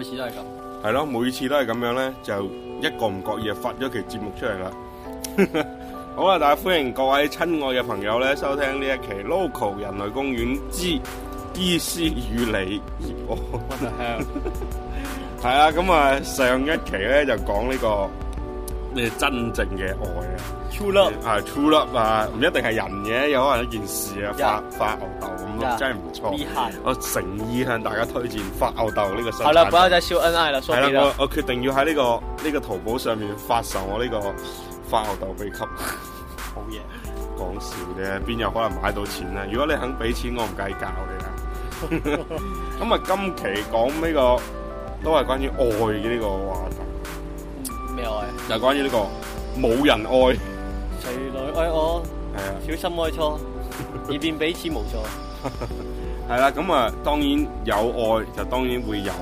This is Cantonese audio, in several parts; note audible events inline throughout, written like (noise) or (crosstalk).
每次都係咁，係咯，每次都係咁樣咧，就一個唔覺意就發咗期節目出嚟啦。 (laughs) 好啦，大家歡迎各位親愛嘅朋友咧，收聽呢一期《Local 人類公園之醫師與李業安》。係啊，咁啊，上一期咧就講呢、這個，你真正嘅愛啊。true love 啊，true love 啊，唔一定係人嘅，有可能一件事啊，發發牛豆咁咯，真係唔錯。我誠意向大家推薦發牛豆呢個。好了，不要再秀恩愛啦，係啦，我我決定要喺呢個呢個淘寶上面發售我呢個發牛豆秘笈。好嘢，講笑啫，邊有可能買到錢啊？如果你肯俾錢，我唔計較你啊。咁啊，今期講呢個都係關於愛嘅呢個話題。咩愛？就關於呢個冇人愛。齊來愛我，小心愛錯，以便彼此無錯。係啦，咁啊，當然有愛就當然會有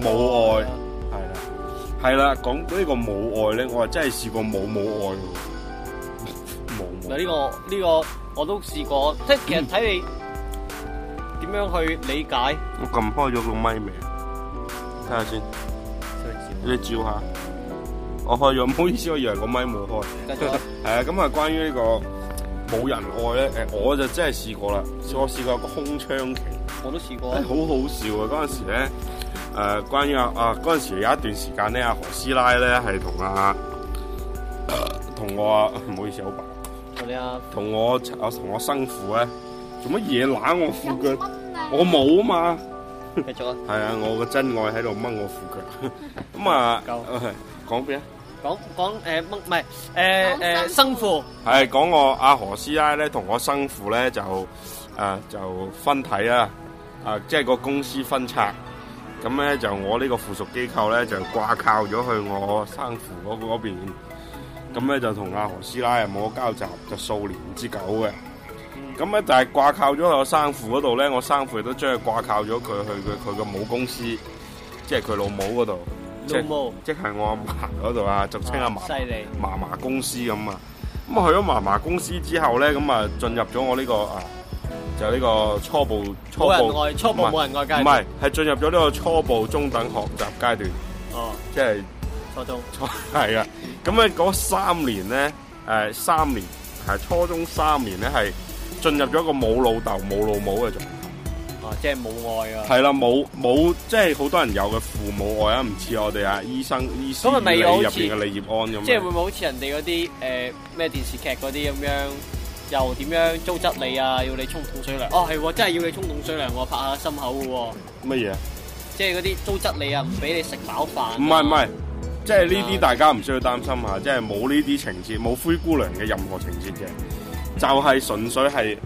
冇愛，係啦，係啦。講到呢個冇愛咧，我啊真係試過冇冇愛嘅。冇。嗱，呢個呢個我都試過，即係其實睇你點樣去理解。我撳開咗個咪未？睇下先，你照下。我開咗，唔好意思，我以為個麥冇開。咁啊，關於呢、這個冇人愛咧，誒，我就真係試過啦，我試過，試過一個空窗期，我都試過，好、哎、好笑啊！嗰陣時咧，誒、啊，關於阿阿嗰陣時有一段時間咧，阿何師奶咧係同阿同我，唔、啊、好意思，阿爸，同我，同我生父咧，做乜嘢揦我褲腳？我冇啊嘛，係啊，我嘅真愛喺度掹我褲腳，咁啊，講邊夠啊？講講誒，唔係誒誒，呃、生父係父講我阿何師奶咧，同我生父咧就誒、呃、就分體啦，啊即係個公司分拆，咁咧就我呢個附屬機構咧就掛靠咗去我生父嗰嗰邊，咁咧就同阿何師奶啊冇交集，就數年之久嘅，咁咧就係掛靠咗去我生父嗰度咧，我生父亦都將佢掛靠咗佢去佢佢個母公司，即係佢老母嗰度。即係 omo 我阿嫲嗰度啊，俗稱阿嫲，嫲嫲公司咁啊。咁啊去咗嫲嫲公司之後咧，咁啊進入咗我呢、這個啊，就呢個初步初步冇人愛，初步冇人愛階唔係，係進入咗呢個初步中等學習階段。哦，即係、就是、初中。初係啊。咁咧嗰三年咧，誒、呃、三年係初中三年咧，係進入咗一個冇老豆冇老母嘅。即係冇愛啊！係啦，冇冇即係好多人有嘅父母愛啊，唔似我哋啊，醫生醫生咁利益入邊嘅李業安咁。即係會唔會好似人哋嗰啲誒咩電視劇嗰啲咁樣，又點樣糟質你啊？有要你沖凍水涼？哦，係，真係要你沖凍水涼喎，拍下心口嘅喎。乜嘢？即係嗰啲糟質你啊，唔俾麼、啊、你食飽飯。唔係唔係，即係呢啲大家唔需要擔心吓，即係冇呢啲情節，冇灰姑娘嘅任何情節嘅，就係、是、純粹係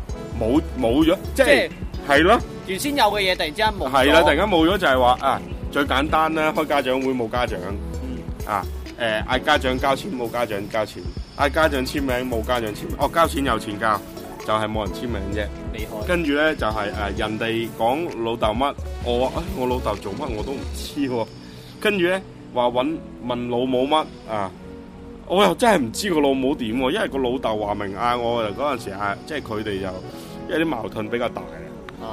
冇冇咗，即係係咯。就是就是原先有嘅嘢，突然之間冇。係啦，突然間冇咗就係話啊，最簡單啦，開家長會冇家長。啊，誒嗌家長交錢冇家長交錢，嗌家、啊、家長簽名冇家長簽，哦、啊、交錢有錢交，就係、是、冇人簽名啫。厲害。跟住咧就係、是、誒、啊、人哋講老豆乜我啊、哎，我老豆做乜我都唔知喎、啊。跟住咧話揾問老母乜啊，我又真係唔知個老母點喎、啊，因為個老豆話明嗌、啊、我，又嗰時啊，即係佢哋又因為啲矛盾比較大。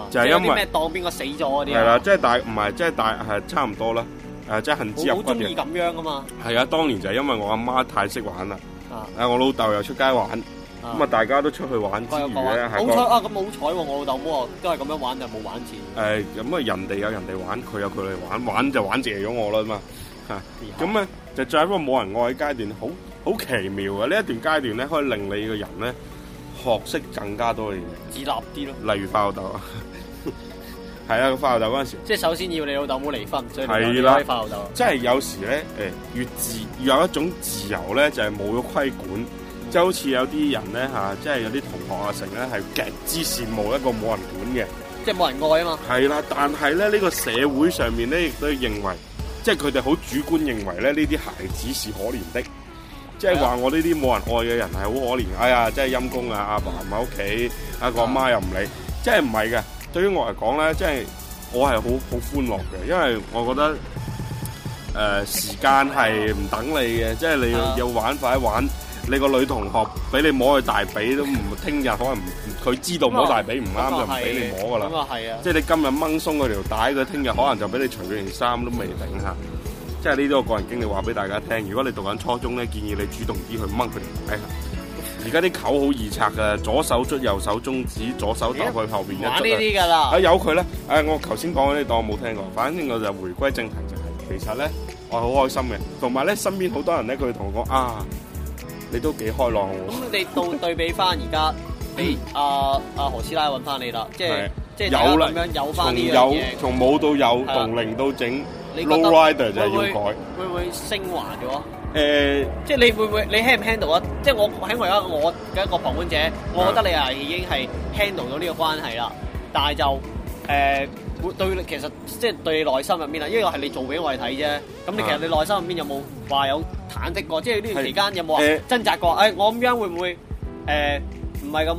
就係因為咩當邊個死咗嗰啲係啦，即係大唔係，即係大係差唔多啦。誒，即係恨之入骨好中意咁樣噶嘛？係啊，當年就係因為我阿媽太識玩啦。誒，我老豆又出街玩，咁啊，大家都出去玩之餘好彩啊！咁好彩喎，我老豆都係咁樣玩就冇玩錢。誒，咁啊，人哋有人哋玩，佢有佢嚟玩，玩就玩借咗我啦嘛。吓，咁咧就再一個冇人愛嘅階段，好好奇妙啊！呢一段階段咧，可以令你個人咧。學識更加多嘅嘢，自立啲咯。例如花友豆，係 (laughs) 啊，花友豆嗰陣時，即係首先要你老豆冇離婚，了所以你可以花友豆。即係有時咧，誒、欸、越自，越有一種自由咧，就係冇咗規管，即係好似有啲人咧嚇、啊，即係有啲同學啊成，成咧係極之羨慕一個冇人管嘅，即係冇人愛啊嘛。係啦，但係咧呢、這個社會上面咧亦都要認為，即係佢哋好主觀認為咧呢啲孩子是可憐的。即係話我呢啲冇人愛嘅人係好可憐，哎呀，真係陰公啊！阿爸唔喺屋企，阿個阿媽又唔理，即係唔係嘅。對於我嚟講咧，即係我係好好歡樂嘅，因為我覺得誒、呃、時間係唔等你嘅，是的即係你要玩是的要玩快玩。你個女同學俾你摸佢大髀都唔，聽日可能佢知道摸大髀唔啱就唔俾你摸噶啦。係啊！即係你今日掹鬆佢條帶，佢聽日可能就俾你除咗件衫都未定吓。即係呢啲我個人經歷話俾大家聽。如果你讀緊初中咧，建議你主動啲去掹佢哋。而家啲口好易拆嘅，左手捽右手中指，左手打佢後邊一對。玩呢啲㗎啦。啊，有佢咧。誒，我頭先講嘅你當我冇聽過。反正我就迴歸正題，就係其實咧，我好開心嘅。同埋咧，身邊好多人咧，佢會同我講啊，你都幾開朗喎。咁你到對比翻而家，誒啊啊何師奶揾翻你啦，即係即係咁樣有翻呢樣嘢？從有，從冇到有，同零到整。Low rider 就係要改，會唔會昇華咗？誒，即係你會唔會你 handle 唔 handle 啊？即係我喺為啊我嘅一個旁觀者，我覺得你係已經係 handle 到呢個關係啦。但係就誒，對其實即係對你內心入邊啊，因為係你做俾我哋睇啫。咁你其實你內心入邊有冇話有忐忑過？即係呢段時間有冇話掙扎過？誒，我咁樣會唔會誒唔係咁？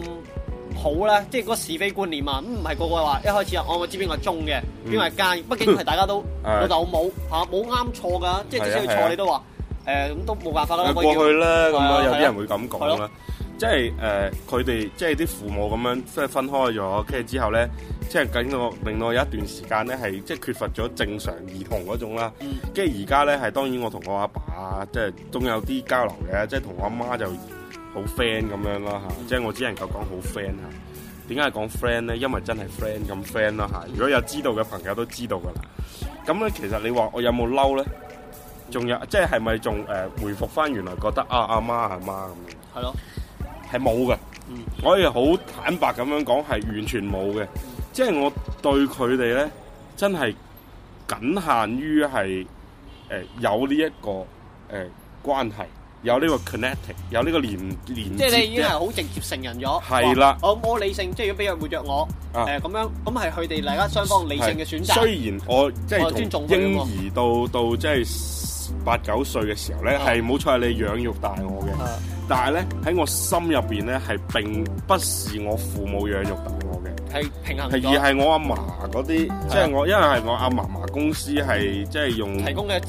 好咧，即係嗰個是非觀念啊，唔係個個話一開始啊，我我知邊個忠嘅，邊個奸。畢竟係大家都老豆老母嚇，冇啱錯㗎，即係即使錯你都話，誒咁都冇辦法啦。過去咧咁啊，有啲人會咁講啦，即係誒佢哋即係啲父母咁樣即係分開咗，跟住之後咧，即係令我有一段時間咧係即係缺乏咗正常兒童嗰種啦，跟住而家咧係當然我同我阿爸即係仲有啲交流嘅，即係同我阿媽就。好 friend 咁樣啦吓，即係我只能夠講好 friend 吓。點解係講 friend 咧？因為真係 friend 咁 friend 啦吓。如果有知道嘅朋友都知道噶啦。咁咧，其實你話我有冇嬲？咧？仲有，即係係咪仲誒回復翻原來覺得阿阿媽阿媽咁？係咯，係冇嘅。我亦好坦白咁樣講，係完全冇嘅。即係我對佢哋咧，真係僅限於係誒有呢一個誒關係。有呢個 connective 有呢個年連，連接嘅即係你已經係好直接成人咗。係啦了，我理性，即係如果俾人會約我，誒咁、啊呃、樣，咁係佢哋大家雙方理性嘅選擇。雖然我即係從嬰兒到到即係八九歲嘅時候咧，係冇、啊、錯係你養育大我嘅。啊但係咧，喺我心入邊咧，係並不是我父母養育大我嘅，係平衡，而係我阿嫲嗰啲，即係我，因為係我阿嫲嫲公司係即係用提供嘅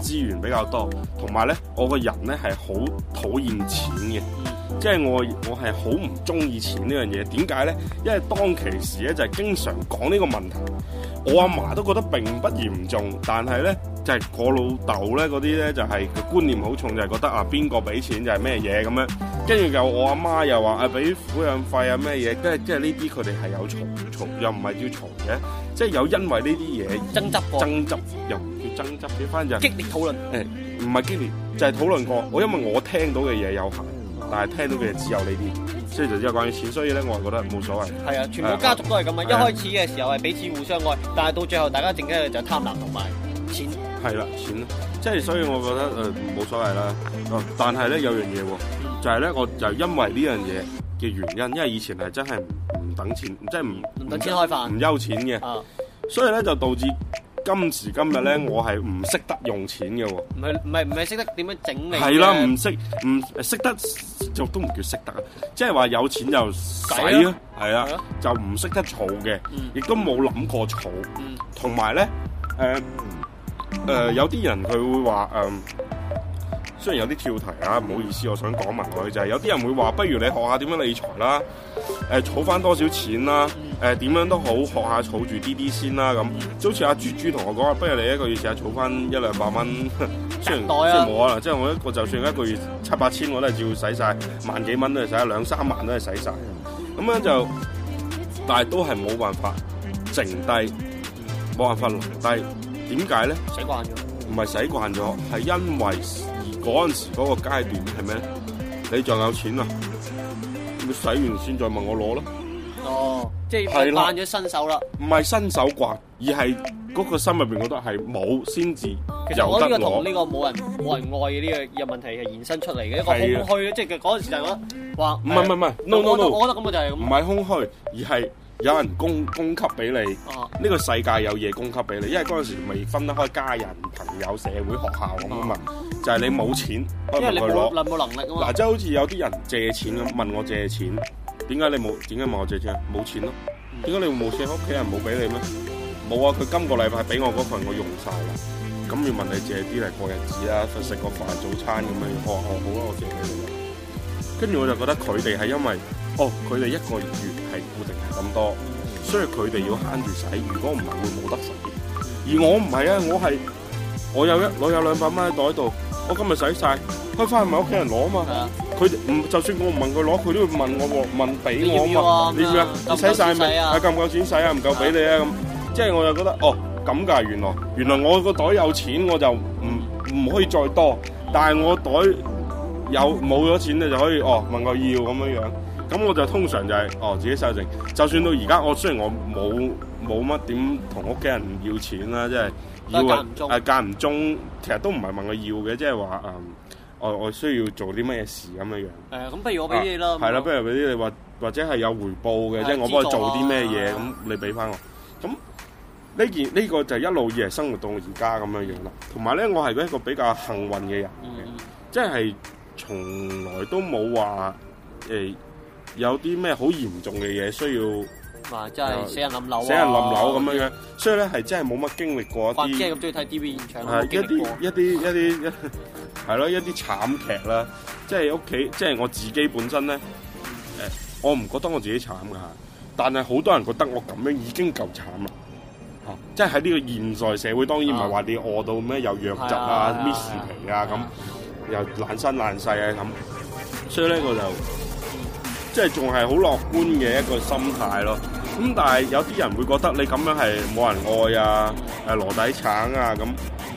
資源比較多，同埋咧，我個人咧係好討厭錢嘅，即係我我係好唔中意錢呢樣嘢。點解咧？因為當其時咧就係經常講呢個問題。我阿嫲都覺得並不嚴重，但係咧就係、是、我老豆咧嗰啲咧就係、是、個觀念好重，就係、是、覺得啊邊個俾錢就係咩嘢咁樣，跟住又我阿媽又話啊俾撫養費啊咩嘢，即係即係呢啲佢哋係有嘈嘈，又唔係叫嘈嘅，即、就、係、是、有因為呢啲嘢爭執，爭執又唔叫爭執，結翻就激烈討論，誒唔係激烈就係、是、討論過。我因為我聽到嘅嘢有限，但係聽到嘅嘢只有呢啲。即係就只有關於錢，所以咧我係覺得冇所謂。係啊，全部家族都係咁啊！一開始嘅時候係彼此互相愛，是啊、但係到最後大家淨係就貪婪同埋錢。係啦、啊，錢，即、就、係、是、所以我覺得誒冇、呃、所謂啦。哦，但係咧有樣嘢喎，就係、是、咧我就因為呢樣嘢嘅原因，因為以前係真係唔等錢，即係唔等錢開飯，唔憂錢嘅，所以咧就導致。今時今日咧，我係唔識得用錢嘅喎，唔係唔係唔係識得點樣整理，係啦，唔識唔識得就都唔叫識得，啊，即係話有錢就使咯，係啊，就唔識得儲嘅，亦都冇諗過儲，同埋咧誒誒有啲人佢會話誒。雖然有啲跳題啊！唔好意思，我想講埋佢就係、是、有啲人會話，不如你學下點樣理財啦，誒、呃，儲翻多少錢啦，誒、呃，點樣都好，學下儲住啲啲先啦咁。即係好似阿豬豬同我講啊，不如你一個月試下儲翻一兩百蚊。雖然即係冇可能，即係我一個就算一個月七八千，我都係照使晒，萬幾蚊都係使，兩三萬都係使晒。咁樣就，但係都係冇辦法剩低，冇辦法留低。點解咧？使慣咗，唔係使慣咗，係因為。嗰陣時嗰個階段係咩？你仲有錢啊？要使完先再，再問我攞咯。哦，即係慣咗新手啦。唔係新手啩，而係嗰個心入邊覺得係冇先至得。其實我覺得呢個同呢個冇人冇人愛嘅呢個問題係延伸出嚟嘅一個空虛，的即係嗰陣時就覺得話唔係唔係唔係，no no no，我覺得咁就係唔係空虛，而係。有人供供給俾你，呢個世界有嘢供給俾你，因為嗰陣時未分得開家人、朋友、社會、學校咁、嗯、啊嘛，就係你冇錢，因為你冇能力冇能力啊嘛。嗱，即係好似有啲人借錢咁，問我借錢，點解你冇？點解問我借錢啊？冇錢咯。點解你會冇錢？屋企人冇俾你咩？冇啊！佢今個禮拜俾我嗰份我用晒啦。咁要問你借啲嚟過日子啊，食個飯、早餐咁樣，可可、哦、好啦，我借俾你。跟住我就覺得佢哋係因為。哦，佢哋一個月係固定係咁多，所以佢哋要慳住使。如果唔係，會冇得使。而我唔係啊，我係我有一我有兩百蚊喺袋度，我今日使曬，開翻去咪屋企人攞啊？嘛，佢唔就算我唔問佢攞，佢都會問我問俾我啊？你點啊？你使曬未啊？係夠唔夠錢使啊？唔夠俾你啊？咁即係我就覺得哦咁㗎，原來原來我個袋有錢我就唔唔可以再多，但係我袋有冇咗錢你就可以哦問個要咁樣樣。咁我就通常就係、是，哦自己收正。就算到而家，我雖然我冇冇乜點同屋企人要錢啦，即、就、係、是、要間啊間唔中，其實都唔係問要、就是嗯、我要嘅，即係話我我需要做啲咩事咁嘅樣。誒、欸，咁不如我俾你咯。係啦、啊，不、嗯、如俾啲你或或者係有回報嘅，即係的我幫你做啲咩嘢，咁、啊、你俾翻我。咁呢件呢個就一路以嚟生活到我而家咁嘅樣啦。同埋咧，我係一個比較幸運嘅人，即係、嗯、從來都冇話誒有啲咩好嚴重嘅嘢需要，嗱，真係死人冧樓，死人冧樓咁樣樣，所以咧係真係冇乜經歷過一啲，即係咁中意睇 TV 現場，一啲一啲一啲一，係咯一啲慘劇啦，即係屋企，即係我自己本身咧，誒，我唔覺得我自己慘噶嚇，但係好多人覺得我咁樣已經夠慘啦，嚇，即係喺呢個現代社會，當然唔係話你餓到咩，有藥疾啊，搣視頻啊咁，又爛身爛世啊咁，所以咧我就。即係仲係好樂觀嘅一個心態咯，咁、嗯、但係有啲人會覺得你咁樣係冇人愛啊，係、啊、羅底橙啊咁，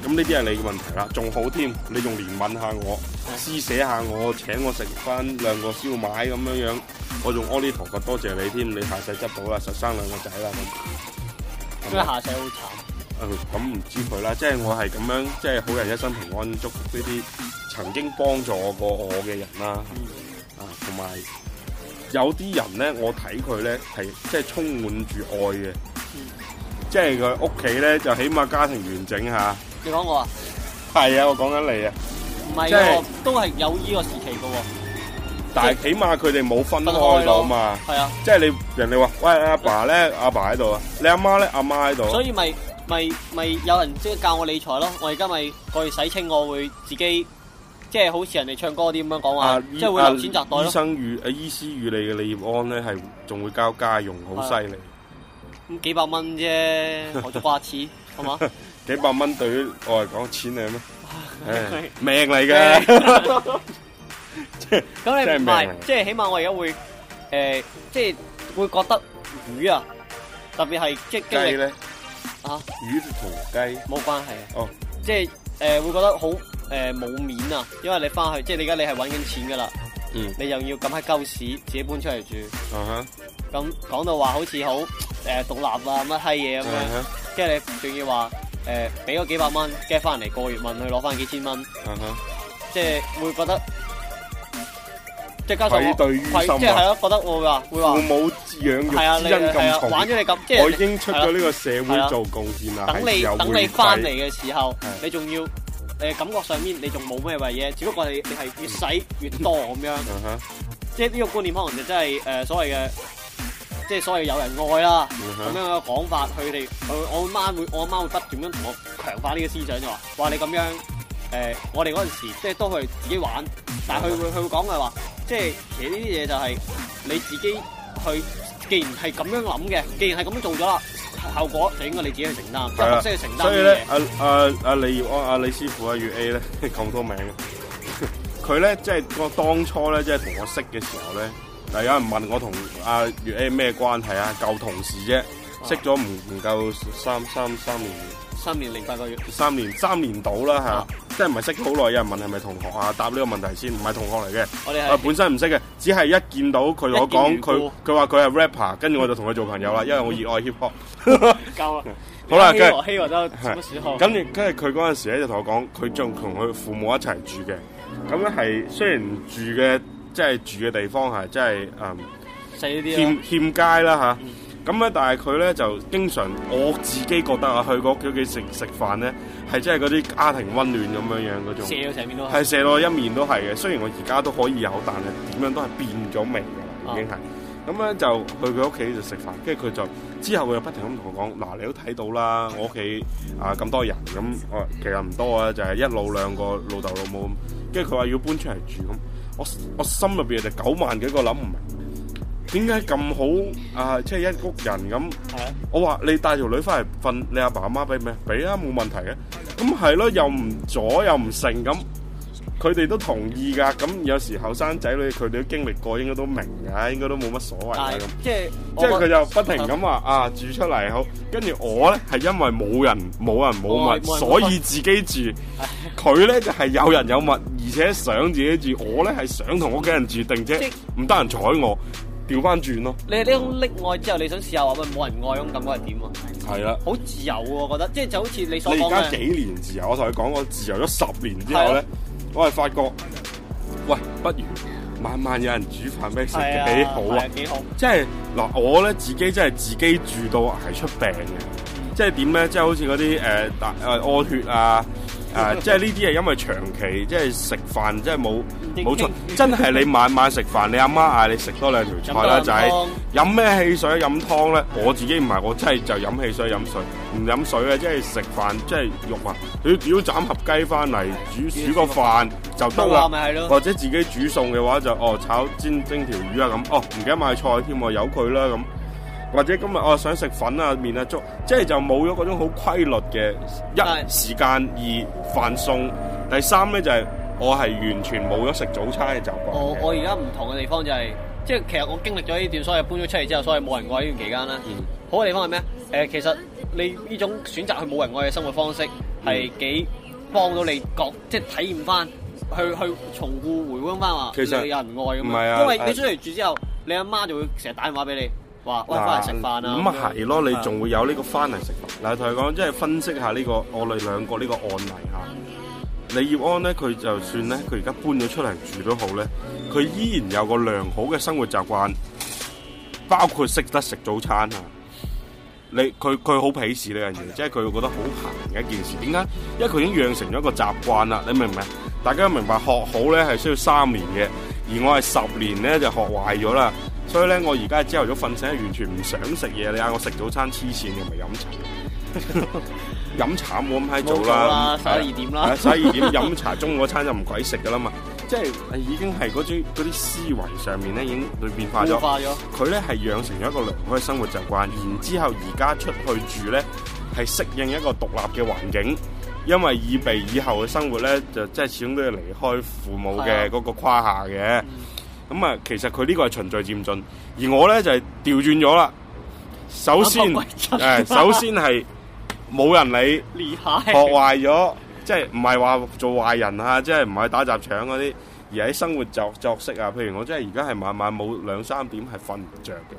咁呢啲係你嘅問題啦。仲好添，你仲憐憫下我，施捨、嗯、下我，請我食翻兩個燒賣咁樣樣，我仲阿彌陀佛多謝你添，你下世執到啦，實生兩個仔啦。咁下世好慘。嗯，咁唔知佢啦，即係我係咁樣，即係好人一生平安祝這些，祝福呢啲曾經幫助過我嘅人啦，啊，同埋。有啲人咧，我睇佢咧係即係充滿住愛嘅，即係佢屋企咧就起碼家庭完整吓。啊、你講我啊？係啊，我講緊你啊。唔係啊，即係、都係有呢個時期噶喎、啊。但係起碼佢哋冇分開到嘛。係啊，即係你人哋話，喂阿爸咧，阿爸喺度啊，你阿媽咧，阿媽喺度。所以咪咪咪有人即係教我理財咯，我而家咪過去洗清，我會自己。即係好似人哋唱歌啲咁樣講話，即係會有錢責袋咯。醫生與啊醫師與你嘅李業安咧係仲會交家用，好犀利。咁幾百蚊啫，我咗掛齒，係嘛？幾百蚊對於我嚟講，錢嚟咩？命嚟嘅。咁你唔係，即係起碼我而家會誒，即係會覺得魚啊，特別係即係雞咧啊，魚同雞冇關係哦，即係誒，會覺得好。誒，冇面啊！因為你翻去，即係你而家你係揾緊錢噶啦，你又要咁喺鳩市自己搬出嚟住，咁講到話好似好誒獨立啊乜閪嘢咁樣，跟住你仲要話誒俾嗰幾百蚊，跟住翻嚟過月問佢攞翻幾千蚊，即係會覺得，即係加上即係係咯，覺得我會話會話冇養養恩係啊你係啊，玩咗你咁，即係我已經出咗呢個社會做貢獻啦，等你等你翻嚟嘅時候，你仲要。誒、呃，感覺上面你仲冇咩嘅，嘢，只不過你你係越使越多咁 (laughs) 樣，即係呢個觀念可能就真係誒所謂嘅，即係所謂有人愛啦咁、uh huh. 樣嘅講法，佢哋我我媽會我阿媽會不斷咁同我強化呢個思想、呃，就話話你咁樣誒，我哋嗰陣時即係都係自己玩，uh huh. 但係佢會佢會講嘅話，即係其實呢啲嘢就係、是、你自己去，既然係咁樣諗嘅，既然係咁樣做咗。效果就應該你自己去承擔，所以咧，阿阿阿李業安、阿李師傅、阿月 A 咧咁多名，佢咧即係我當初咧即係同我識嘅時候咧，嗱，有人問我同阿月 A 咩關係啊？舊同事啫，識咗唔唔夠三三三年。三年零八個月，三年三年到啦，吓，即係唔係識好耐。有人問係咪同學啊？答呢個問題先，唔係同學嚟嘅，我哋係本身唔識嘅，只係一見到佢，我講佢，佢話佢係 rapper，跟住我就同佢做朋友啦，因為我熱愛 hip hop。夠啦，好啦，佢希望都做，咁跟住佢嗰陣時咧，就同我講，佢仲同佢父母一齊住嘅。咁咧係雖然住嘅，即係住嘅地方係即係嗯，欠欠街啦吓。咁咧、嗯，但係佢咧就經常，我自己覺得啊，去佢屋企食食飯咧，係真係嗰啲家庭溫暖咁樣樣嗰種。射到成面都係。係射咗一面都係嘅，雖然我而家都可以有，但係點樣都係變咗味嘅啦，啊、已經係。咁、嗯、咧就去佢屋企就食飯，跟住佢就之後佢又不停咁同我講：嗱、啊，你都睇到啦，我屋企啊咁多人，咁我其實唔多嘅，就係、是、一路兩個老豆老母。跟住佢話要搬出嚟住咁，我我心入邊就九萬幾個諗唔明。點解咁好啊？即係一屋人咁，我話你帶條女翻嚟瞓，你阿爸阿媽俾唔俾？俾啊，冇、就是的啊、問題嘅。咁係咯，又唔阻，又唔成咁，佢、嗯、哋都同意㗎。咁、嗯、有時後生仔女佢哋都經歷過，應該都明㗎，應該都冇乜所謂嘅咁。即係佢就不停咁話的啊，住出嚟好。跟住我呢，係因為冇人冇人冇物，沒沒物，所以自己住。佢的呢，就係、是、有人有物，而且想自己住。我呢，係想同屋企人住定啫，唔的得人睬我。調翻轉咯！啊、你係呢種溺愛之後，你想試下話咪冇人愛嗰種感覺係點啊？係啊的，好自由我覺得即係、就係、就好似你所講嘅你而家幾年自由？我同你講，我自由咗十年之後咧，的我係發覺，喂，不如慢慢有人煮飯俾食，的幾好啊！幾好！即係嗱，我咧自己真係自己住到係出病嘅，即係點咧？即係好似嗰啲誒大誒屙血啊！誒、呃，即係呢啲係因為長期即係食飯，即係冇冇出， (laughs) 真係你晚晚食飯，你阿媽嗌你食多兩條菜啦，仔飲咩汽水飲湯咧？我自己唔係，我真係就飲汽水飲水，唔飲水咧，即係食飯，即係肉啊！你要要斬盒雞翻嚟煮煮個飯就得啦，或者自己煮餸嘅話就哦炒煎蒸條魚啊咁，哦唔、哦、唔記得買菜添，由佢啦咁。或者今日我、哦、想食粉啊、麵啊、粥，即係就冇咗嗰種好規律嘅一是時間二飯餸。第三咧就係、是、我係完全冇咗食早餐嘅習慣。我我而家唔同嘅地方就係、是，即係其實我經歷咗呢段，所謂搬咗出嚟之後，所以冇人愛段間呢段期間啦。嗯、好嘅地方係咩？誒、呃，其實你呢種選擇去冇人愛嘅生活方式，係幾幫到你覺即係體驗翻，去去重故回溫翻話，其實你有人愛咁樣。呀？唔係啊，因為你出嚟住之後，啊、你阿媽就會成日打電話俾你。喂，翻嚟食飯啦，啊，咁啊係咯，你仲會有呢個翻嚟食飯。嗱，同你講，即係分析下呢個我哋兩個呢個案例嚇。李葉安咧，佢就算咧，佢而家搬咗出嚟住都好咧，佢依然有個良好嘅生活習慣，包括識得食早餐啊。你佢佢好鄙視呢樣嘢，即係佢會覺得好煩嘅一件事。點解？因為佢已經養成咗一個習慣啦。你明唔明？大家明白學好咧係需要三年嘅，而我係十年咧就學壞咗啦。所以咧，我而家朝頭早瞓醒，完全唔想食嘢。你嗌我食早餐，黐線。你咪飲茶？飲 (laughs) 茶冇咁閪早啦，十二、嗯、點啦。十二、嗯、點飲茶，中午嗰餐就唔鬼食噶啦嘛。即係已經係嗰啲啲思維上面咧，已經變化咗。變化咗。佢咧係養成咗一個良好嘅生活習慣，然之後而家出去住咧，係適應一個獨立嘅環境。因為以備以後嘅生活咧，就即係始終都要離開父母嘅嗰個胯下嘅。咁啊，其實佢呢個係循序漸進，而我咧就係調轉咗啦。首先，誒，首先係冇人理學壞咗，即係唔係話做壞人啊？即係唔係打雜搶嗰啲，而喺生活作作息啊。譬如我真係而家係晚晚冇兩三點係瞓唔着嘅，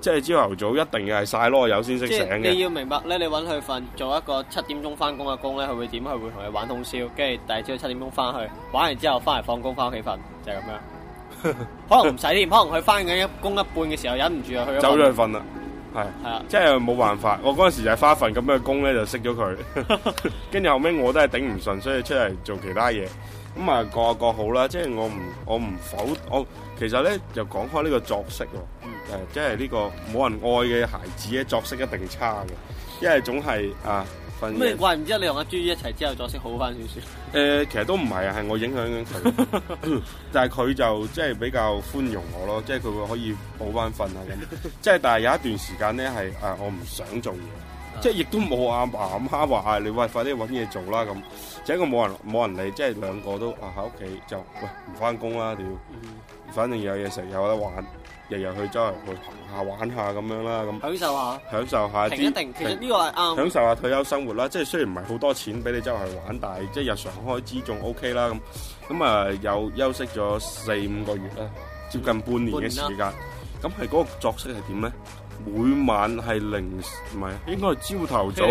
即係朝頭早一定要係晒籮柚先識醒嘅。你要明白咧，你揾佢瞓，做一個七點鐘翻工嘅工咧，佢會點？佢會同你玩通宵，跟住第二朝七點鐘翻去玩完之後翻嚟放工翻屋企瞓，就係咁樣。 (laughs) 可能唔使添，可能佢翻緊一工一半嘅時候，忍唔住啊去，走咗去瞓啦，係係啊，即係冇辦法。我嗰陣時就係花份咁嘅工咧，就識咗佢。跟住後屘我都係頂唔順，所以出嚟做其他嘢。咁啊，個個好啦。即係我唔我唔否，我其實咧就講開呢個作息，誒、嗯，即係呢、這個冇人愛嘅孩子嘅作息一定差嘅，因為總係啊。咩睡怪唔之得你同阿朱姨一齊之後再一，作息好翻少少？誒，其實都唔係啊，係我影響緊佢。 (laughs) 但係佢就即係比較寬容我咯，即係佢會可以補翻瞓啊咁。即係但係有一段時間咧，係誒、啊、我唔想做嘢、啊啊，即係亦都冇阿爸阿媽話啊，你喂快啲揾嘢做啦咁。即係我冇人冇人理，即係兩個都啊喺屋企就喂唔翻工啦，屌，嗯、反正有嘢食有得玩。日日去周圍去行下玩下咁樣啦，咁享受下，享受下其實，呢個係啱。享受下退休生活啦，即係雖然唔係好多錢俾你周圍去玩，但係即係日常開支仲 OK 啦。咁咁啊，又休息咗四五個月啦，接近半年嘅時間。咁係嗰個作息係點咧？每晚係零唔係應該係朝頭早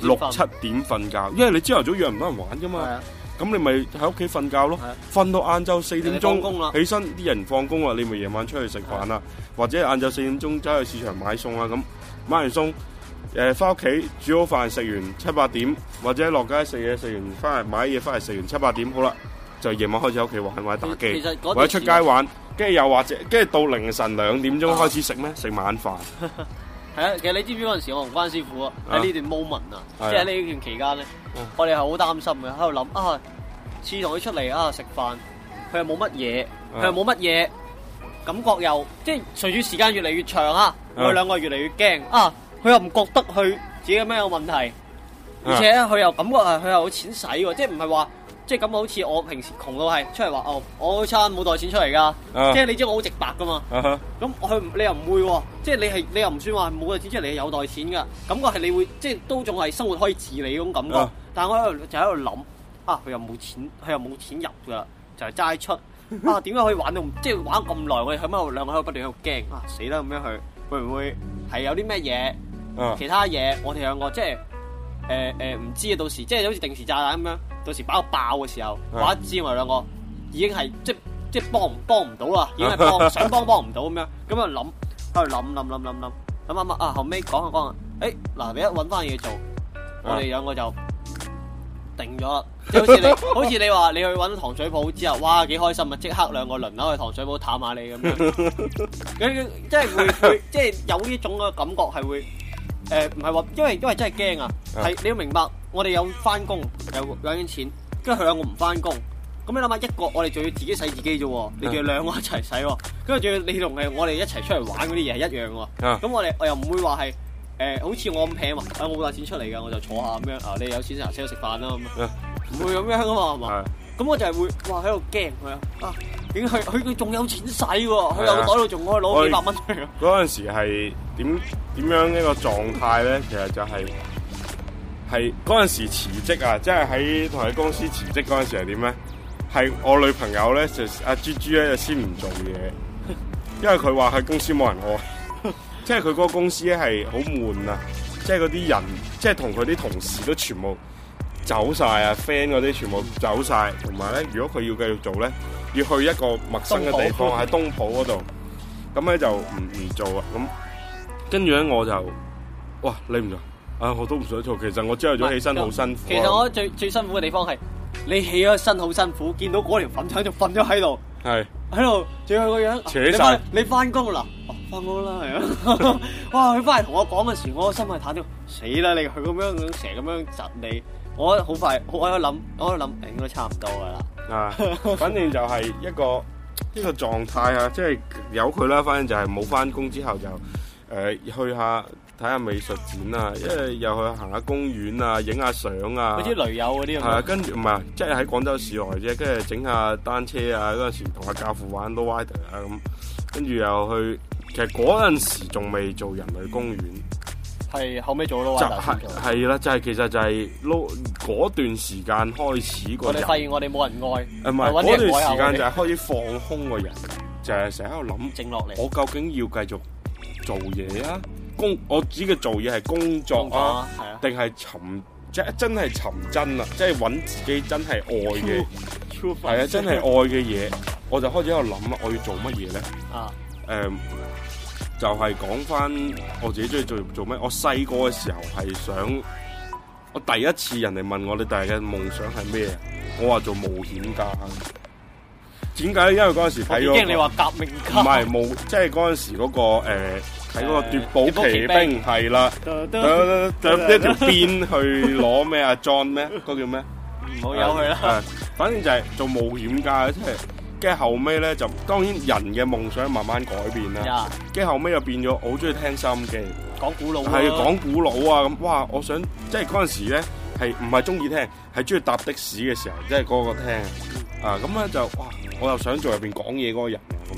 六七點瞓覺，因為你朝頭早約唔到人玩㗎嘛。咁你咪喺屋企瞓覺咯，瞓的到晏晝四點鐘起身，啲人放工啦，你咪夜晚出去食飯啦，的或者晏晝四點鐘走去市場買餸啊咁買完餸，誒、呃，翻屋企煮好飯，食完七八點，或者落街食嘢，食完翻嚟買嘢，翻嚟食完七八點。好啦，就夜晚開始喺屋企玩，或者打機，或者出街玩。跟住又或者跟住到凌晨兩點鐘開始食咩？食、啊、晚飯。 (laughs) 係啊，其實你知唔知嗰陣時我同關師傅喺呢段 moment 啊，即係呢段期間咧，啊、我哋係好擔心嘅，喺度諗啊，試同佢出嚟啊食飯，佢又冇乜嘢，佢、啊、又冇乜嘢，感覺又即係隨住時間越嚟越長啊，佢兩個越嚟越驚啊，佢又唔覺得佢自己有咩問題，而且佢又感覺佢又有錢使喎，即係唔係話。即係咁好似我平時窮到係出嚟話，哦，我餐冇袋錢出嚟㗎。即係、uh huh. 你知我好直白㗎嘛。咁佢、uh huh. 你又唔會喎、啊，即、就、係、是、你係你又唔算話冇袋錢出嚟，就是、你有袋錢㗎。感覺係你會即係、就是、都仲係生活可以自理咁感覺。Uh huh. 但我喺度就喺度諗，啊，佢又冇錢，佢又冇錢入㗎，就係、是、齋出。啊，點解可以玩到即係 (laughs) 玩咁耐、就是？我哋喺度兩個喺度不斷喺度驚。Uh huh. 啊，死啦！咁樣佢會唔會係有啲咩嘢？Uh huh. 其他嘢，我哋兩個即係。就是誒誒，唔、呃呃、知啊，到時即係好似定時炸彈咁樣，到時把我爆嘅時候，話的一知我哋兩個已經係即即幫唔幫唔到啦，已經係幫想幫幫唔到咁樣，咁啊諗喺度諗諗諗諗諗諗諗啊，後尾講下講誒嗱你一搵翻嘢做，我哋兩個就定咗，啦、啊、即係好似你好似你話你去搵糖水鋪之後，哇幾開心啊， (laughs) 即刻兩個輪流去糖水鋪探下你咁樣，即係會即係有呢種嘅感覺係會。誒，唔係話，因為因為真係驚啊，係 Yeah. 你要明白，我哋有翻工，有有啲錢，跟住佢兩個唔翻工，咁你諗下，一個我哋仲要自己使自己啫，Yeah. 你仲要兩個一齊使，跟住仲要你同係我哋一齊出嚟玩嗰啲嘢係一樣噶，咁 Yeah. 我哋我又唔會話係誒，好似我咁平啊嘛，我冇晒錢出嚟噶，我就坐下咁樣啊，你有錢就請我食飯啦咁，唔 Yeah. 會咁樣噶嘛係嘛，咁 Yeah. 我就係會哇喺度驚佢啊。佢佢佢仲有錢使喎，佢有個袋度仲可以攞幾百蚊出嚟。嗰陣 (laughs) 時係點點樣一個狀態咧？其實就係係嗰陣時辭職啊，即係喺同喺公司辭職嗰陣時係點咧？係我女朋友咧，就阿豬豬咧就先唔做嘢，因為佢話喺公司冇人愛，即係佢嗰個公司咧係好悶啊，即係嗰啲人，即係同佢啲同事都全部。走曬啊！friend 嗰啲全部走曬，同埋咧，如果佢要繼續做咧，要去一個陌生嘅地方喺東圃嗰度，咁咧就唔唔做啊。咁跟住咧，我就哇，你唔做啊，我都唔想做。其實我朝頭早起身好辛苦啊。其實我最最辛苦嘅地方係你起咗身好辛苦，見到嗰條粉腸就瞓咗喺度，係喺度仲有個樣。扯曬你翻工啦，翻工啦係啊。哇！佢翻嚟同我講嗰時，我個心係忐忑。死啦！你佢咁樣成日咁樣窒你。我好快，我喺度諗，我喺度諗，應該差唔多噶啦。啊， (laughs) 反正就係一個一個狀態啊，即係由佢啦。反正就係冇翻工之後就誒、呃、去下睇下美術展啊，因為又去行下公園啊，影下相啊。嗰啲驢友嗰啲啊，啊。跟住唔係，即係喺廣州市內啫，跟住整下單車啊。嗰陣時同阿教父玩 low rider 啊，咁，跟住又去。其實嗰陣時仲未做人類公園。係後尾做咯，就係係啦，就係其實就係撈嗰段時間開始個人，我哋發現我哋冇人愛。唔係嗰段時間就係開始放空個人， (laughs) 就係成日喺度諗。靜落嚟。我究竟要繼續做嘢啊？工，我指嘅做嘢係工作啊，定係尋即係真係尋真啊？即係揾自己真係愛嘅，係 (laughs) 啊，真係愛嘅嘢，我就開始喺度諗啦。我要做乜嘢咧？啊，誒、嗯。就係講翻我自己中意做做咩？我細個嘅時候係想，我第一次人哋問我，你第日嘅夢想係咩啊？我話做冒險家。點解咧？因為嗰陣時睇咗、那個。驚你話革命家不是。唔係冒，即係嗰陣時嗰個誒，睇、欸、嗰個奪寶奇兵係啦，着對一條鞭去攞咩啊？John 咩？嗰叫咩？唔好有佢啦。反正就係做冒險家，即、就、係、是。跟住後尾咧，就當然人嘅夢想慢慢改變啦。跟住後尾又變咗，我好中意聽收音機，講古老，係講古老啊！咁哇，我想即係嗰陣時咧，係唔係中意聽？係中意搭的士嘅時候，即係嗰個聽啊！咁咧就哇，我又想做入面講嘢嗰個人咁。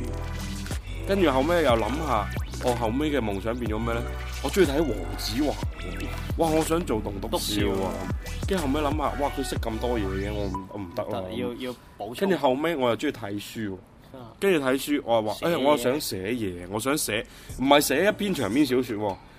跟住後尾又諗下。我、哦、後尾嘅夢想變咗咩咧？我中意睇黃子華嘅，哇！我想做棟篤笑啊，跟住後尾諗下，哇！佢識咁多嘢嘅，我唔我唔得咯。要要補。跟住後尾我又中意睇書，跟住睇書我又話，哎呀，我又寫、哎、想寫嘢，我想寫，唔係寫一篇長篇小說，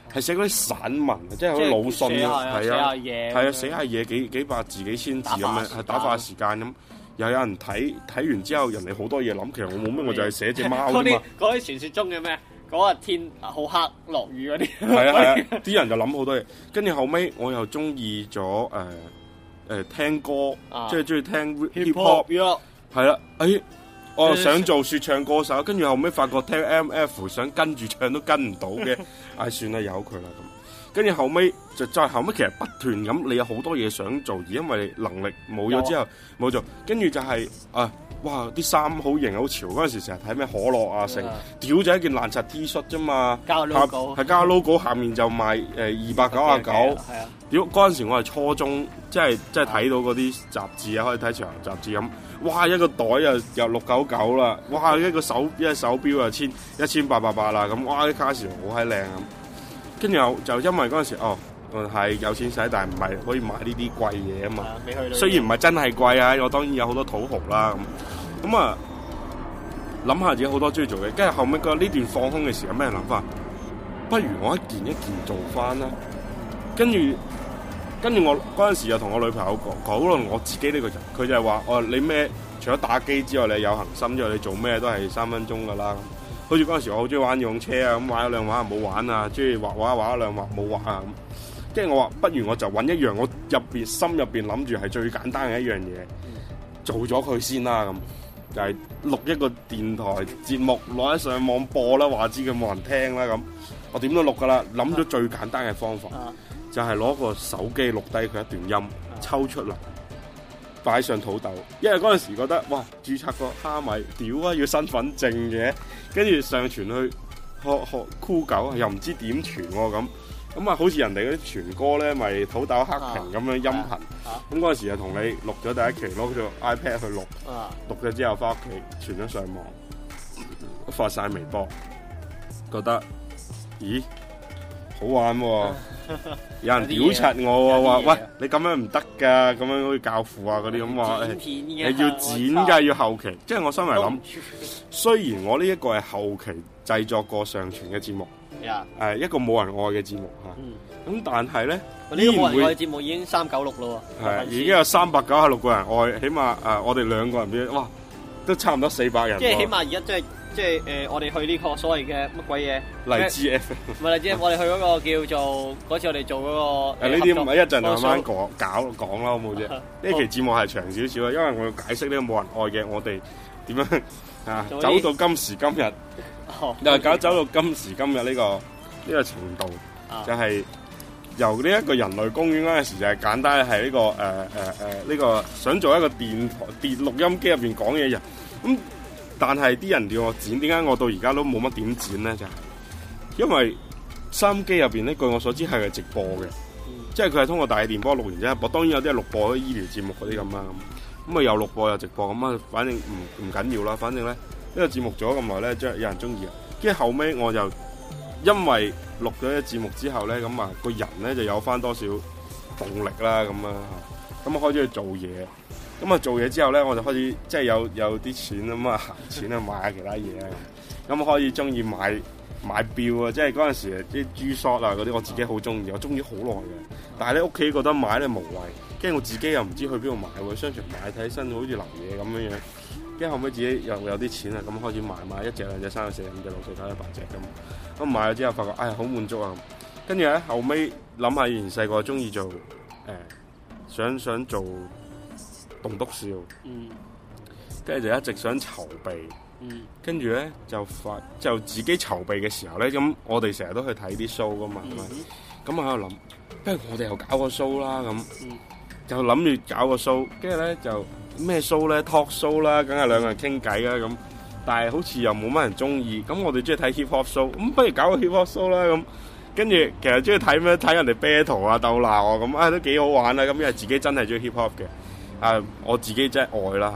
係、嗯、寫嗰啲散文，即係好似魯迅咁，係啊，係啊，寫下嘢幾幾百字，幾，百字幾千字咁樣，係打發時間咁。又有人睇，睇完之後人哋好多嘢諗，其實我冇咩，我就係寫隻貓，嗰啲嗰啲傳說中嘅咩？嗰日天好黑，落雨嗰啲，係啊係啊，啲 (laughs) 人就諗好多嘢。跟住後尾我又中意咗誒誒聽歌，即係中意聽 hip, hop, hip, hop, hip hop。係啦，誒、哎、我又想做說唱歌手，跟住後尾發覺聽 MF 想跟住唱都跟唔到嘅，唉、 (laughs) 哎，算啦，由佢啦噉。跟住後尾，就再後尾，其實不斷咁，你有好多嘢想做，而因為能力冇咗之後冇、啊、做。跟住就係、是、啊，哇！啲衫好型好潮，嗰陣時成日睇咩可樂啊，啊成屌就一件爛柒 T 恤啫嘛，加 logo，係加 logo，下面就賣誒二百九啊九。係、呃、啊，屌嗰陣時我係初中，即係即係睇到嗰啲雜誌啊，可以睇潮流雜誌咁。哇！一個袋又又六九九啦，哇！一個手一個手錶啊，千一千八百八啦咁，哇！啲卡士好閪靚咁。跟住就因為嗰陣時，哦，係有錢使，但係唔係可以買呢啲貴嘢啊嘛。啊雖然唔係真係貴啊，我當然有好多土豪啦。咁咁啊，諗、嗯、下自己好多鍾意做嘢。跟住後尾個呢段放空嘅時候，咩諗法？不如我一件一件做翻啦。跟住跟住，我嗰陣時又同我女朋友講，講好我自己呢個人，佢就係話：哦，你咩？除咗打機之外，你有恆心之外，你做咩都係三分鐘噶啦。好似嗰陣時，我好中意玩用車啊，咁玩一兩玩唔好玩啊，中意畫畫，畫一兩畫唔好玩啊咁。跟住我話，不如我就揾一樣，我入面、心入面諗住係最簡單嘅一樣嘢，做咗佢先啦咁。就係、是、錄一個電台節目，攞一上網播啦，話知佢冇人聽啦咁。我點都錄噶啦，諗咗最簡單嘅方法，就係、是、攞個手機錄低佢一段音，抽出嚟。擺上土豆，因為嗰陣時覺得哇，註冊個蝦米屌啊，要身份證嘅，跟住上傳去學學酷狗，又唔知點傳喎、啊、咁，咁啊好似人哋嗰啲傳歌咧，咪、就是、土豆黑屏咁樣音頻，咁嗰、啊啊、時就同你錄咗第一期，攞住 iPad 去錄，錄咗之後翻屋企傳咗上網，發晒微博，覺得咦？好玩喎！有人屌柒我喎，話喂你咁樣唔得噶，咁樣可以教父啊嗰啲咁話，係要剪㗎，要後期。即係我心嚟諗，雖然我呢一個係後期製作過上傳嘅節目，誒一個冇人愛嘅節目嚇。咁但係咧，呢個冇人愛嘅節目已經三九六嘞喎，係已經有三百九十六個人愛，起碼誒我哋兩個人俾，哇都差唔多四百人。即係起碼而家真係。即係誒，我哋去呢個所謂嘅乜鬼嘢？荔枝啊，唔係荔枝，我哋去嗰個叫做嗰次我哋做嗰個。誒，呢啲唔係一陣慢慢講，搞講啦好冇啫？呢期節目係長少少啊，因為我要解釋呢個冇人愛嘅我哋點樣啊，走到今時今日，又搞走到今時今日呢個呢個程度，就係由呢一個人類公園嗰陣時，就係簡單係呢個誒誒誒呢個想做一個電台電錄音機入邊講嘢人咁。但係啲人叫我剪，點解我到而家都冇乜點剪咧？就係、是、因為收音機入邊咧，據我所知係係直播嘅，嗯、即係佢係通過大電波錄完啫。我當然有啲係錄播嗰啲醫療節目嗰啲咁啊，咁啊、嗯嗯、又錄播又直播，咁啊反正唔唔緊要啦。反正咧呢、呢個節目做咗咁耐咧，將有人中意啊。跟住後尾我就因為錄咗啲節目之後咧，咁啊個人咧就有翻多少動力啦咁啊，咁啊開始去做嘢。咁啊，做嘢之後呢，我就開始即係有有啲錢咁嘛，閒錢啊買下其他嘢呀。咁啊，開始中意買買表呀，即係嗰陣時啲 G-Shock 啊嗰啲，我自己好鍾意，我鍾意好耐嘅。但係咧，屋企覺得買呢無謂，跟住我自己又唔知去邊度買喎。商場買睇起身好似流嘢咁樣樣。跟住後尾自己又有啲錢呀，咁開始買買一隻兩隻三隻四隻五隻六隻七隻八隻咁。咁買咗之後，發覺唉好滿足呀、啊。跟住呢，後尾諗下，以前細個中意做誒想想做棟篤笑，跟住、嗯、就一直想籌備，跟住咧就發就自己籌備嘅時候咧。咁我哋成日都去睇啲 show 噶嘛，咁、嗯嗯、我喺度諗，不如我哋又搞個 show 啦。咁就諗住搞個 show，跟住咧就咩 show 咧 talk show 啦，梗係兩個、啊嗯、人傾偈啦咁。但係好似又冇乜人中意，咁我哋中意睇 hip hop show，咁不如搞個 hip hop show 啦。咁跟住其實中意睇咩睇人哋 battle 啊鬥鬧啊咁啊，都幾好玩啊。咁因為自己真係中意 hip hop 嘅。誒、uh, 我自己真係愛啦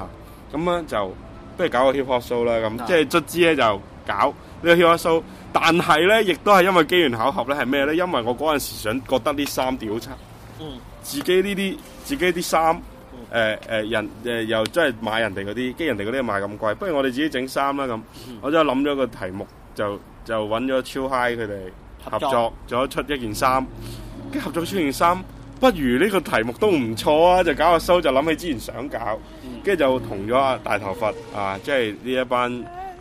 嚇，咁、啊、咧就不如搞個 hip hop show 啦咁，uh huh. 即係卒之咧就搞呢個 hip hop show, 呢個 hip hop show。但係咧亦都係因為機緣巧合咧係咩咧？因為我嗰陣時想覺得啲衫屌差、mm. 自己呢啲，自己呢啲自己啲衫誒誒人誒、呃、又真係買人哋嗰啲，跟人哋嗰啲賣咁貴，不如我哋自己整衫啦咁。Mm. 我真係諗咗個題目，就就揾咗超 high 佢哋合作，咗作出一件衫，跟合作出一件衫。Mm. 不如呢個題目都唔錯啊！就搞個 show 就諗起之前想搞，嗯、就跟住就同咗阿大頭佛啊，即係呢一班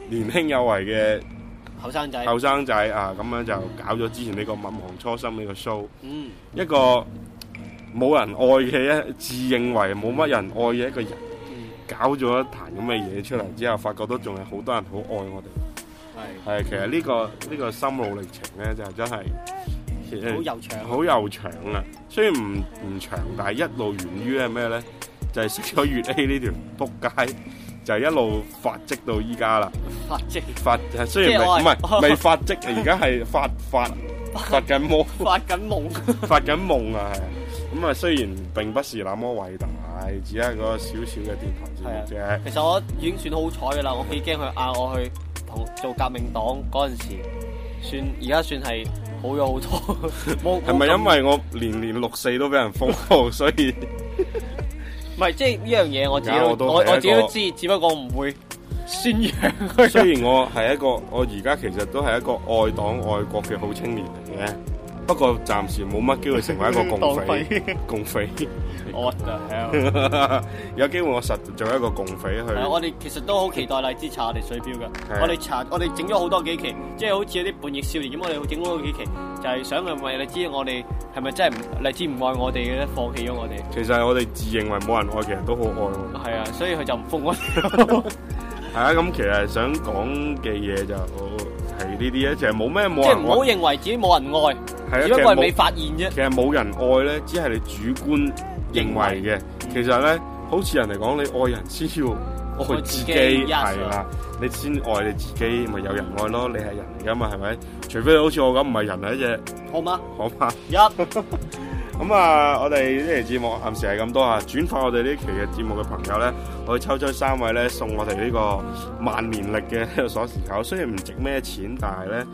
年輕有為嘅後生仔後生仔啊，咁樣就搞咗之前呢、呢個《敏盲初心》呢、呢個 show。嗯，一個冇人愛嘅一自認為冇乜人愛嘅一個人，嗯、搞咗一壇咁嘅嘢出嚟之後，發覺都仲係好多人好愛我哋。係係，其實呢、呢個呢、呢個心路歷程咧，就係、真係～好悠長，好悠長啊！雖然唔唔長，但係一路源於係咩咧？就係、是、識咗粵 A 呢條撲街，就一路發跡到依家啦。發跡，發雖然唔唔係未發跡，而家係發發發緊夢，發緊夢，發緊夢啊！係咁啊，雖然並不是那麼偉大，只係個小小嘅電台啫。其實我已經算好彩㗎啦，我幾驚佢嗌我去同做革命黨嗰陣時，算而家算係。好咗好多，冇，係咪 (laughs) 因為我年年六四都俾人封號，所以唔係， (laughs) (laughs) 即係呢樣嘢，我自己我我自己都知道？ (laughs) 只不過我唔會宣揚。雖然我係一個， (laughs) 我而家其實都係一個愛黨愛國嘅好青年嚟嘅。不過暫時冇乜機會成為一個共匪， (laughs) 共匪、 (laughs) (laughs) 啊，我就、啊、 (laughs) 有機會我實做一個共匪去。啊、我哋其實都好期待荔枝查我哋水表噶、啊，我哋查我哋整咗好多幾期，即係好似有啲叛逆少年咁，我哋整咗幾期就係、是、想係問你知我哋係咪真係唔荔枝唔愛我哋嘅咧，放棄咗我哋。其實我哋自認為冇人愛，其實都好愛我。係 (laughs) 啊，所以佢就唔封我哋。係 (laughs) (laughs) 啊，咁其實想講嘅嘢就好。係呢啲咧，就係冇咩冇人愛。即係唔好認為自己冇人愛，只不過未發現啫。其實冇人愛咧，只係你主觀認為嘅。為其實咧，好似人嚟講，你愛人先要愛自己，係啦、啊，你先愛你自己，咪有人愛咯？你係人嚟噶嘛？係咪？除非你好似我咁唔係人，係一隻好嘛？好嘛？一。咁啊、嗯，我哋呢期節目暫時係咁多啊！轉發我哋呢期嘅節目嘅朋友咧，我哋抽出三位咧送我哋呢個萬年歷嘅呢個鎖匙扣，雖然唔值咩錢，但係咧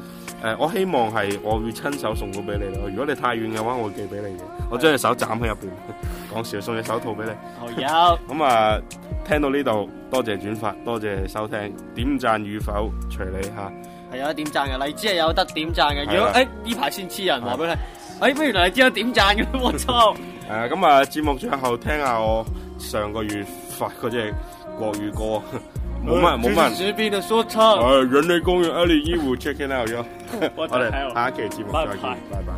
誒，我希望係我會親手送到俾你咯。如果你太遠嘅話，我會寄俾你嘅。的我將隻手斬喺入邊，講笑送隻手套俾你。好，有咁啊！聽到呢度，多謝轉發，多謝收聽，點讚與否隨你吓。係有得點讚嘅，荔枝係有得點讚嘅。的如果誒呢排先黐人，話俾你。哎，不如嚟之後點贊嘅，我操 (laughs) 、啊！誒、嗯，咁啊，節目最後聽下我上個月發嗰隻國語歌，冇乜人，冇乜人，就是食品的說唱，誒，人類公園二零一五，check in out yo，好 (laughs) 下一期節目拜拜，再見，拜拜。拜拜。